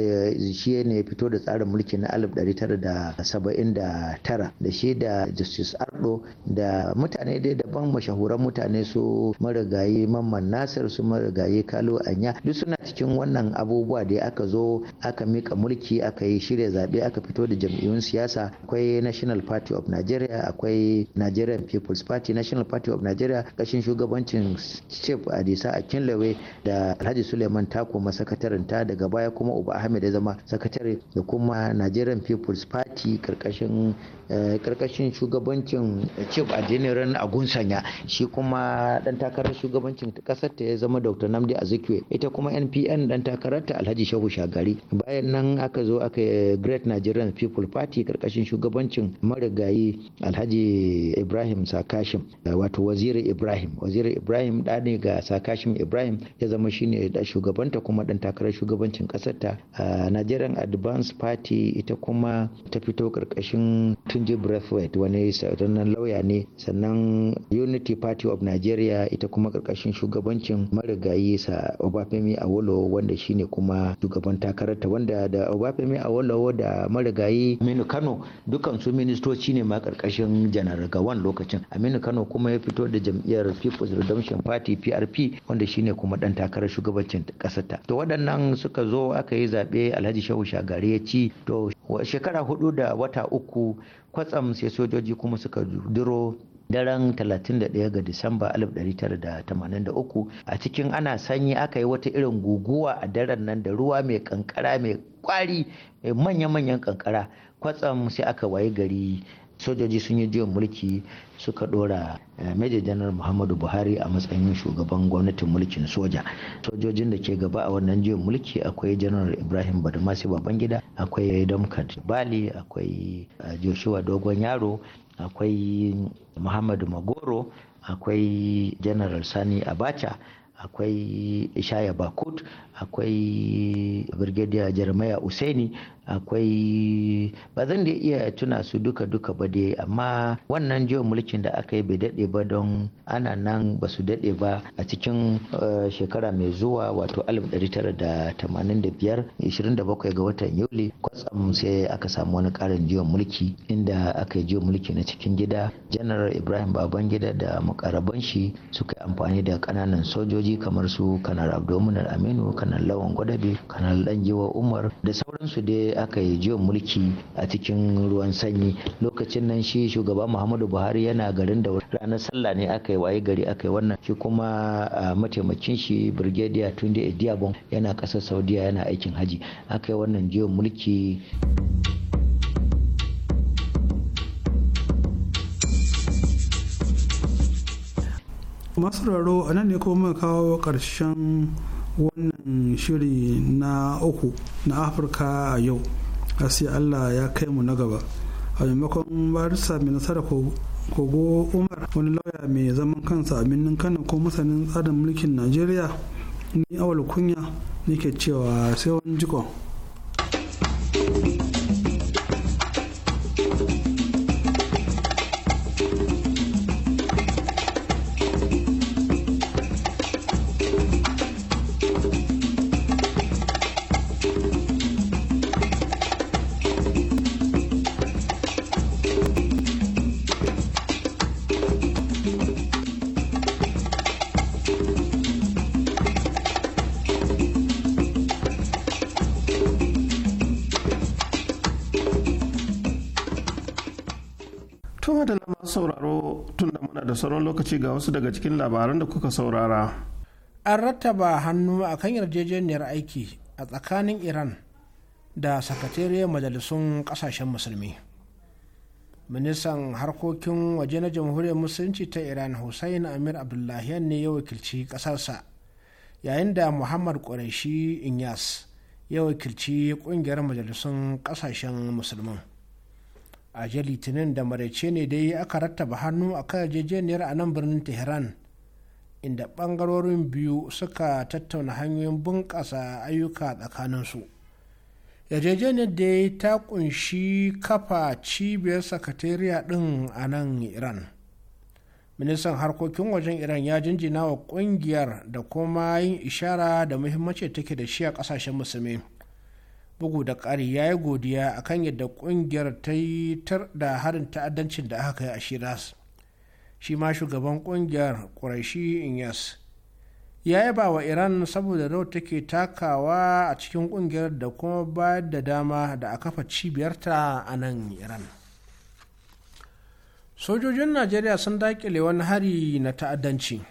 shi ne fito da tsarin mulki na 1979 da shi da justice ardo da mutane dai daban mashahuran mutane su marigayi mamman nasir su marigayi kalo anya duk suna cikin wannan abubuwa da aka zo aka mika mulki aka yi shirya zaɓe aka fito da jam'iyyun siyasa akwai national party of nigeria akwai nigerian people's party national party of nigeria kashin shugabancin chief adisa akinlewe da alhaji suleiman tako masakatarin ta daga baya kuma uba ahmed ya zama sakatare da kuma nigerian people's party karkashin Eh, karkashin shugabancin chief a general agunsanya shi kuma dan takarar shugabancin kasar ta ya zama dr namdi azikiwe ita kuma npn dan takarar ta alhaji shehu shagari bayan nan aka zo aka great nigerian people party karkashin shugabancin marigayi alhaji ibrahim sakashim eh, wato waziri ibrahim waziri ibrahim dani ga sakashim ibrahim ya zama shine da shugabanta kuma dan takarar shugabancin kasar ta eh, nigerian advance party ita kuma ta fito karkashin Tunji Breathwaite wani sanannen lauya ne sannan Unity Party of Nigeria ita kuma karkashin shugabancin marigayi sa Obafemi Awolowo wanda shine kuma shugaban takararta wanda da Obafemi Awolowo da marigayi Aminu Kano dukan su ministoci ne ma karkashin Janar Gawan lokacin Aminu Kano kuma ya fito da jam'iyyar People's Redemption Party PRP wanda shine kuma dan takarar shugabancin kasar ta to waɗannan suka zo aka yi zaɓe Alhaji Shehu Shagari ya ci to shekara hudu da wata uku kwatsam sai sojoji kuma suka duro daren 31 ga Disamba 1983 a cikin ana sanyi aka yi wata irin guguwa a daren nan da ruwa mai kankara mai kwari mai manya-manyan kankara kwatsam sai aka waye gari sojoji sun yi juyin mulki suka dora eh, major general muhammadu buhari a matsayin shugaban gwamnatin mulkin soja sojojin da ke gaba a wannan juyin mulki akwai general ibrahim badamasi babangida akwai damkat bali akwai eh, joshua dogon yaro akwai muhammadu magoro akwai general sani abacha akwai ishaya bakut akwai brigadier jeremiah usaini akwai ba zan da iya tuna su duka duka ba dai amma wannan jiwon mulkin da aka yi bai daɗe ba don ana nan ba su daɗe ba a cikin eh, shekara mai zuwa wato 1985 27 ga watan yuli kwatsam sai aka samu wani ƙarin jiwon mulki inda aka yi jiwon mulki na cikin gida janar ibrahim baban gida da mukarraban shi suka amfani da ƙananan sojoji kamar su kanar abdominal aminu kanal lawan gwadabe kanal dan umar da sauransu dai aka yi jiwon mulki a cikin ruwan sanyi lokacin nan shi shugaba muhammadu buhari yana garin da ranar sallah ne aka yi waye gari aka yi wannan shi kuma mataimakin shi birgediya tunde ediabon yana kasar saudiya yana aikin haji aka yi wannan jiwon mulki masu raro a nan ne kuma kawo ƙarshen wannan shiri na uku na afirka a yau sai allah ya kai mu na gaba a maimakon barista mai nasara kogo umar wani lauya mai zaman kansa a birnin kano ko masanin tsarin mulkin najeriya ni awal kunya nake cewa sai wani jikon sauran lokaci ga wasu daga cikin labaran da kuka saurara. An rattaba hannu a kan yarjejeniyar aiki a tsakanin Iran da sakatariyar majalisun ƙasashen musulmi. Ministan harkokin waje na jamhuriyar musulunci ta Iran Hussein Amir Abdullahian ne ya wakilci ƙasarsa yayin da Muhammad Qureshi Inyas ya wakilci ƙungiyar majalisun ƙasashen musulmin. a jiya litinin da maraice ne dai aka rattaba hannu a kan yarjejeniyar a nan birnin tehran inda bangarorin biyu suka tattauna hanyoyin bunƙasa ayyuka tsakaninsu yarjejeniyar dai ta kunshi kafa cibiyar sakatariya ɗin a nan iran ministan harkokin wajen iran ya jinjina wa kungiyar da kuma yin ishara da muhimmanci take da shi a ƙasashen musulmi bugu da ƙari ya yi godiya a kan yadda ƙungiyar ta yi tar da harin ta'addancin da aka kai a shiras shi ma shugaban ƙungiyar ƙuraishi inyas ya yi ba wa iran saboda rau take takawa a cikin ƙungiyar da kuma bayar da dama da a kafa cibiyarta a nan iran sojojin najeriya sun daƙile wani hari na ta'addanci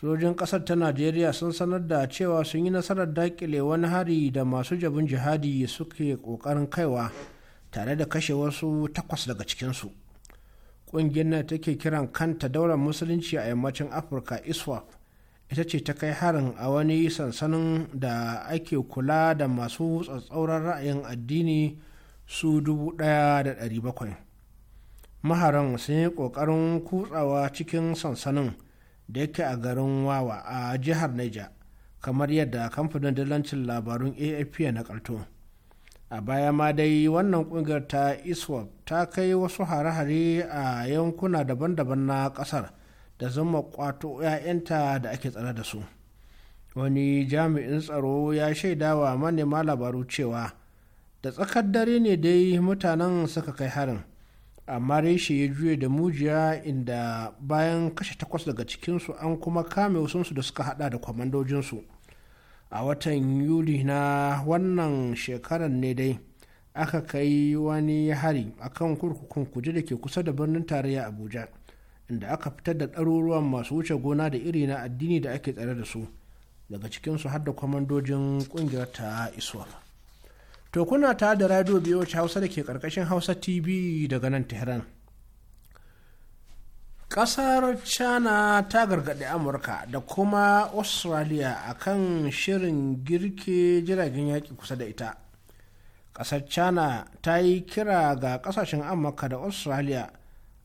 sojin kasar ta najeriya sun sanar da cewa sun yi nasarar dakile wani hari da masu jabin jihadi suke kokarin kaiwa tare da kashe wasu takwas daga cikinsu ƙungiyar na take kiran kanta daular musulunci a yammacin afirka iswap ita ce ta kai harin a wani sansanin da ake kula da masu tsatsauran ra'ayin addini su dubu da 1,700 maharan sun yi kokarin kutsawa cikin sansanin da yake a garin wawa a jihar Niger kamar yadda kamfanin dalancin labarun AFP na kalto. A baya ma dai wannan kungiyar ta ISWAP ta kai wasu hare-hare a yankuna daban-daban na kasar da zama kwato 'ya'yanta da ake tsare da su. Wani jami'in tsaro ya shaida wa manema labaru cewa da tsakar dare ne dai mutanen suka kai harin. amma reshe ya juye da mujiya inda bayan kashe takwas daga cikinsu an kuma kame wasunsu da suka hada da kwamandojinsu a watan yuli na wannan shekarar ne dai aka kai wani hari akan kurkukun kuje da ke kusa da birnin tarayya abuja inda aka fitar da ɗaruruwan masu wuce gona da iri na addini da ake tsare da su daga cikinsu har da kwamandojin ƙungiyar ta iswa To kuna ta da radio BOH Hausa da ke karkashin Hausa TV daga nan Tehran. Kasar China ta gargaɗi Amurka da kuma Australia akan shirin girke jiragen yaƙi kusa da ita. Kasar China ta yi kira ga ƙasashen Amurka da Australia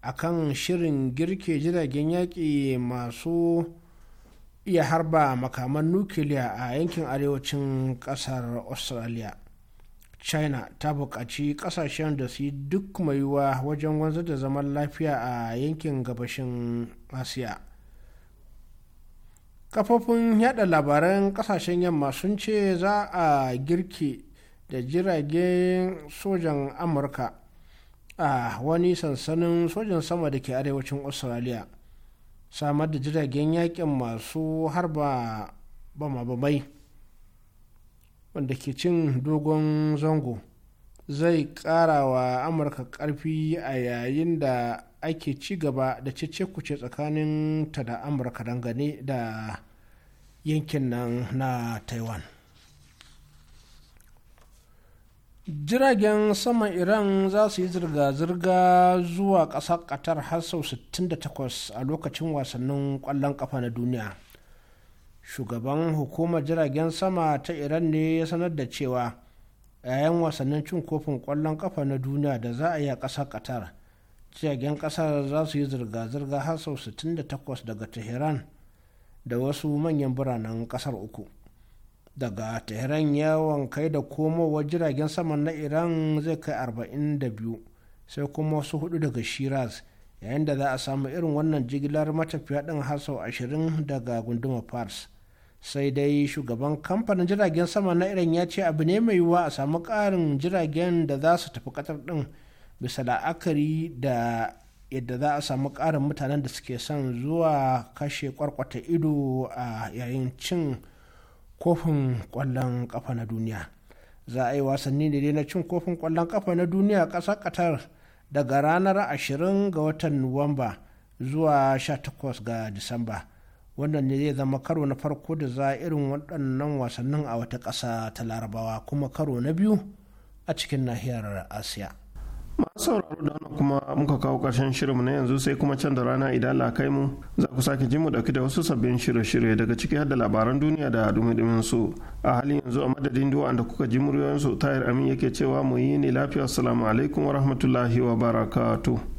akan shirin girke jiragen yaƙi masu iya harba makaman nukiliya a yankin arewacin ƙasar Australia. china ta buƙaci ƙasashen da su yi duk mai wajen wanzar da zaman lafiya a yankin gabashin asiya kafofin yada labaran ƙasashen yamma sun ce za a girki da jiragen sojan amurka a wani sansanin sojan sama da ke arewacin australia samar da jiragen yakin masu harba bama-bamai wanda ke cin dogon zango zai kara wa amurka karfi a yayin da ake ci gaba da cece-kuce tsakanin ta da amurka dangane da yankin nan na taiwan jiragen saman iran za su yi zirga-zirga zuwa ƙasar qatar har sau 68 a lokacin wasannin ƙwallon ƙafa na duniya shugaban hukumar jiragen sama ta iran ne ya sanar da cewa yayan wasannin cin kofin kwallon kafa na duniya da za a yi a ƙasar qatar jiragen ƙasar za su yi zirga-zirga har sau 68 daga tehran da wasu manyan biranen ƙasar uku daga tehran yawon kai da komowa jiragen sama na iran zai kai 42 sai kuma wasu hudu daga shiraz yayin da za a samu irin wannan jigilar matafiya ɗin har sau 20 daga gundumar fars sai dai shugaban kamfanin jiragen sama na irin ya ce abu ne mai yiwuwa a samu ƙarin jiragen da za su tafi ƙatar ɗin bisa la'akari da yadda za a samu ƙarin mutanen da suke son zuwa kashe kwarkwata ido a yayin cin kofin ƙwallon ƙafa na duniya za a yi wasanni ne na cin kofin ƙwallon ƙafa na duniya a ƙasar qatar daga ranar 20 ga watan nuwamba zuwa 18 ga disamba wannan ne zai zama karo na farko da za irin waɗannan wasannin a wata ƙasa ta larabawa kuma karo na biyu a cikin nahiyar asiya masu sauraro da wannan kuma muka kawo ƙarshen shirinmu na yanzu sai kuma can da rana idan lakai kai mu za ku sake ji mu dauki da wasu sabbin shirye-shirye daga ciki har da labaran duniya da dumi su a halin yanzu a madadin duwa da kuka ji muryoyin su tayar amin yake cewa mu yi ne lafiya assalamu alaikum wa rahmatullahi wa barakatuh